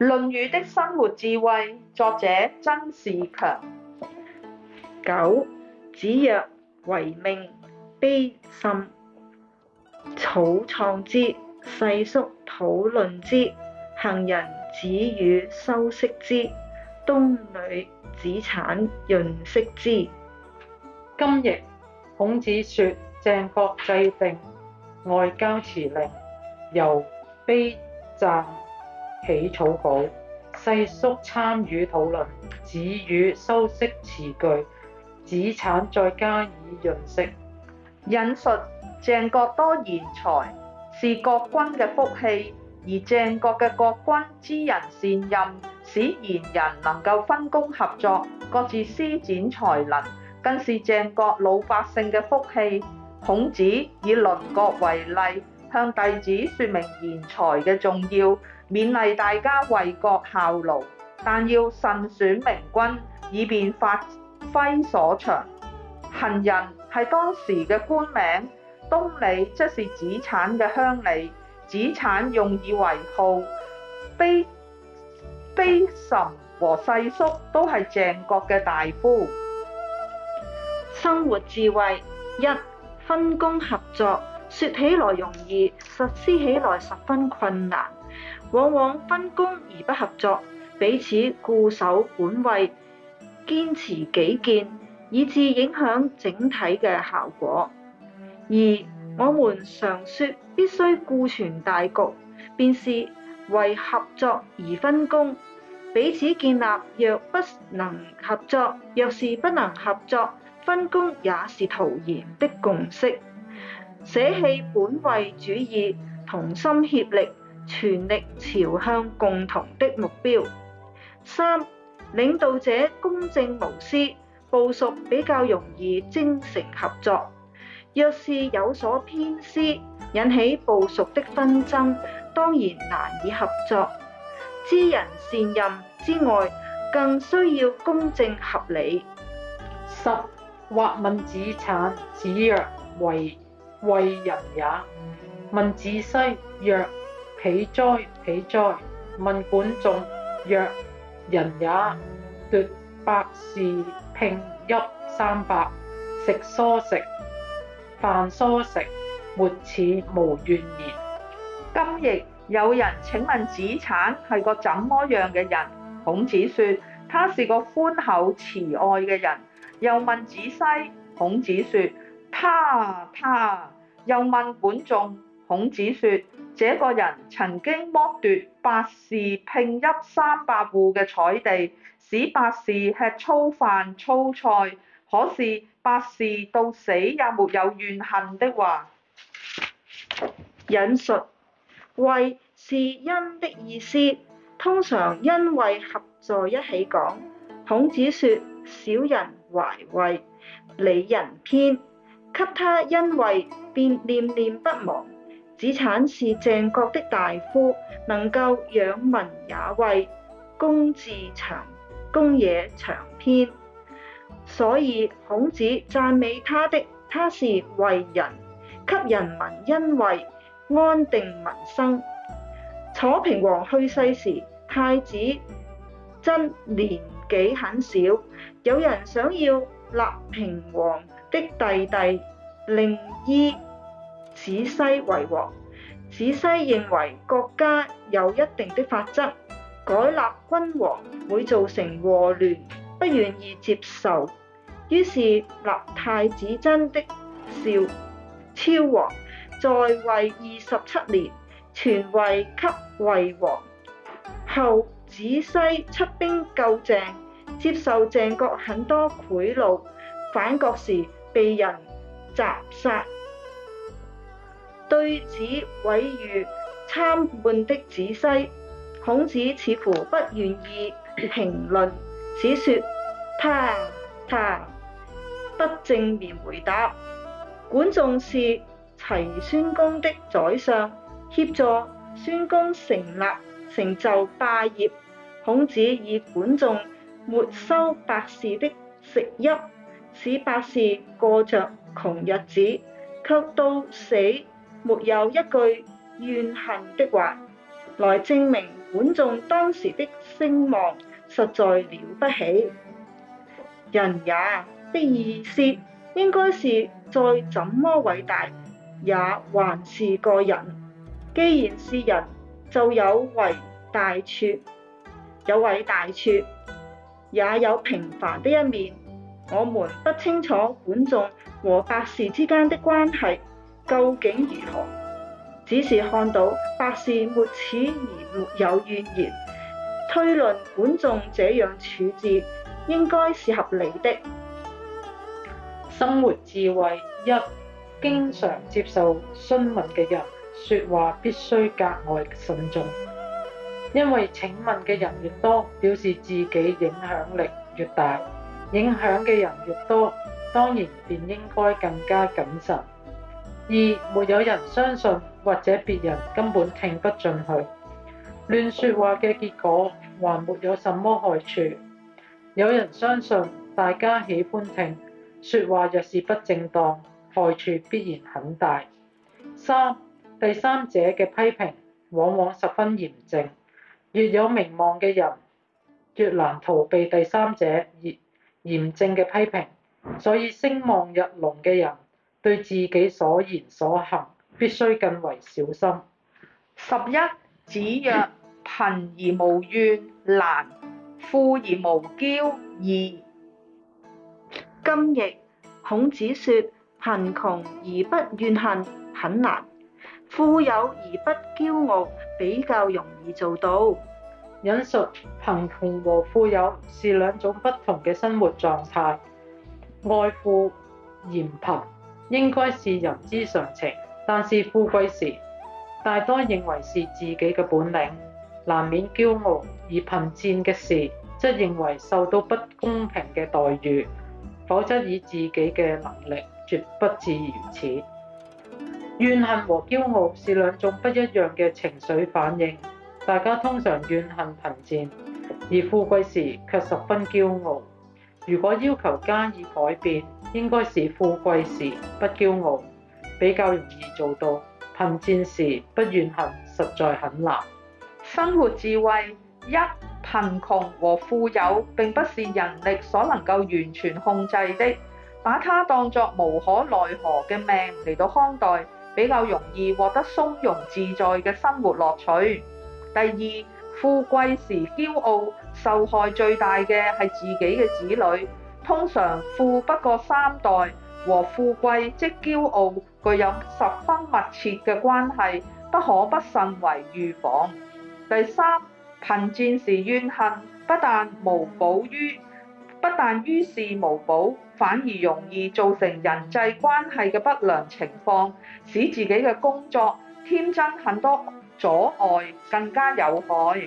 《論語》的生活智慧，作者曾仕強。強九，子曰：為命，裨諶，草創之，世叔討論之，行人子羽修飾之，東里子產潤色之。今日，孔子說鄭國制定外交辭令，由裨諶起草稿，世叔參與討論，子羽修飾詞句，子產再加以潤色。引述鄭國多賢才，是國君嘅福氣；而鄭國嘅國君知人善任，使賢人能夠分工合作，各自施展才能，更是鄭國老百姓嘅福氣。孔子以鄰國為例，向弟子說明賢才嘅重要。勉勵大家為國效勞，但要慎選明君，以便發揮所長。行人係當時嘅官名，東里則是子產嘅鄉里，子產用以為號。裨諶和世叔都係鄭國嘅大夫。生活智慧一：分工合作，說起來容易，實施起來十分困難。往往分工而不合作，彼此固守本位，堅持己見，以致影響整體嘅效果。而我們常説必須顧全大局，便是為合作而分工，彼此建立「若不能合作，若是不能合作，分工也是徒然」的共識。捨棄本位主義，同心協力。全力朝向共同的目標。三、領導者公正無私，部屬比較容易精誠合作。若是有所偏私，引起部屬的紛爭，當然難以合作。知人善任之外，更需要公正合理。十、或問子產，子曰：為惠人也。問子西，曰：起哉起哉，問管仲，曰：人也奪百事，聘邑三百，食疏食，飯疏食，沒此無怨言。今日有人請問子產係個怎麼樣嘅人？孔子說：他係個寬厚慈愛嘅人。又問子西，孔子說：他，他。又問管仲。孔子說：，這個人曾經剝奪伯氏駢邑三百戶嘅采地，使伯氏吃粗飯粗菜。可是伯氏到死也沒有怨恨的話。引述：惠是恩的意思，通常恩惠合在一起講。孔子說：小人懷惠，里仁篇。給他恩惠，便念念不忘。子產是鄭國的大夫，能夠養民也惠，公冶長，公冶長篇，所以孔子讚美他的。他是為人給人民恩惠，安定民生。楚平王去世時，太子真年紀很小，有人想要立平王的弟弟令尹。子西為王，子西認為國家有一定的法則，改立君王會造成禍亂，不願意接受，於是立太子真的少昭王，在位二十七年，傳位給惠王。後子西出兵救鄭，接受鄭國很多賄賂，反國時被人襲殺。對子毀譽參半的子西，孔子似乎不願意評論，只說他他不正面回答。管仲是齊桓公的宰相，協助桓公成立成就霸業。孔子以管仲沒收伯氏的食邑，使伯氏過着窮日子，卻到死。沒有一句怨恨的話來證明管仲當時的聲望實在了不起。人也的意思應該是再怎麼偉大也還是個人。既然是人，就有偉大處，有偉大處，也有平凡的一面。我們不清楚管仲和百事之間的關係。究竟如何？只是看到伯氏沒齒而沒有怨言，推論管仲這樣處置應該是合理的。生活智慧一：經常接受詢問嘅人，說話必須格外慎重，因為請問嘅人越多，表示自己影響力越大，影響嘅人越多，當然便應該更加謹慎。二、沒有人相信，或者別人根本聽不進去。亂說話嘅結果還沒有什麼害處。有人相信，大家喜歡聽。說話若是不正當，害處必然很大。三、第三者嘅批評往往十分嚴正，越有名望嘅人，越難逃避第三者嚴嚴正嘅批評。所以聲望日隆嘅人，對自己所言所行必須更為小心。十一子曰：貧而無怨難，富而無驕易。二今譯孔子說：貧窮而不怨恨很難，富有而不驕傲比較容易做到。引述貧窮和富有是兩種不同嘅生活狀態，愛富嫌貧。應該是人之常情，但是富貴時大多認為是自己嘅本領，難免驕傲；而貧賤嘅事則認為受到不公平嘅待遇，否則以自己嘅能力絕不至如此。怨恨和驕傲是兩種不一樣嘅情緒反應，大家通常怨恨貧賤，而富貴時卻十分驕傲。如果要求加以改變，應該是富貴時不驕傲，比較容易做到；貧賤時不怨恨，實在很難。生活智慧一：貧窮和富有並不是人力所能夠完全控制的，把它當作無可奈何嘅命嚟到看待，比較容易獲得從容自在嘅生活樂趣。第二，富貴時驕傲。受害最大嘅係自己嘅子女，通常富不過三代，和富貴即驕傲具有十分密切嘅關係，不可不慎為預防。第三，貧賤時怨恨，不但無補於不但於事無補，反而容易造成人際關係嘅不良情況，使自己嘅工作添增很多阻礙，更加有害。